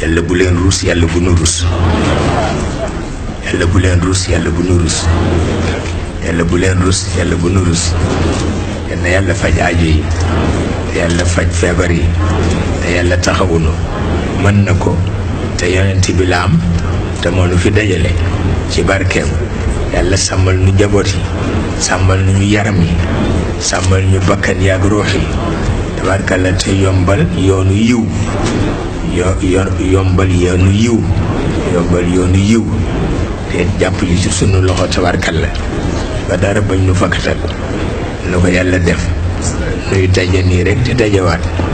yàlla bu leen ruus yàlla bu nu ruus yàlla bu leen ruus yàlla bu nu ruus yàlla bu yàlla faj aajo yi te yàlla faj feebar yi te yàlla taxawunu mën na ko te yonent bi la am te moo nu fi dajale ci barkeem yàlla sàmmal nu jaboot yi sàmmal nu ñu yaram yi sàmmal ñu bakkan yi ak ruux yi te yombal yoonu yiw yo- yo- yombal yoonu yiw yombal yoonu yiw te jàpp li ci sunu loxo tabarkal la ba dara bañ nu fakkatal nu ko yàlla def nuy daje nii rek te dajewaat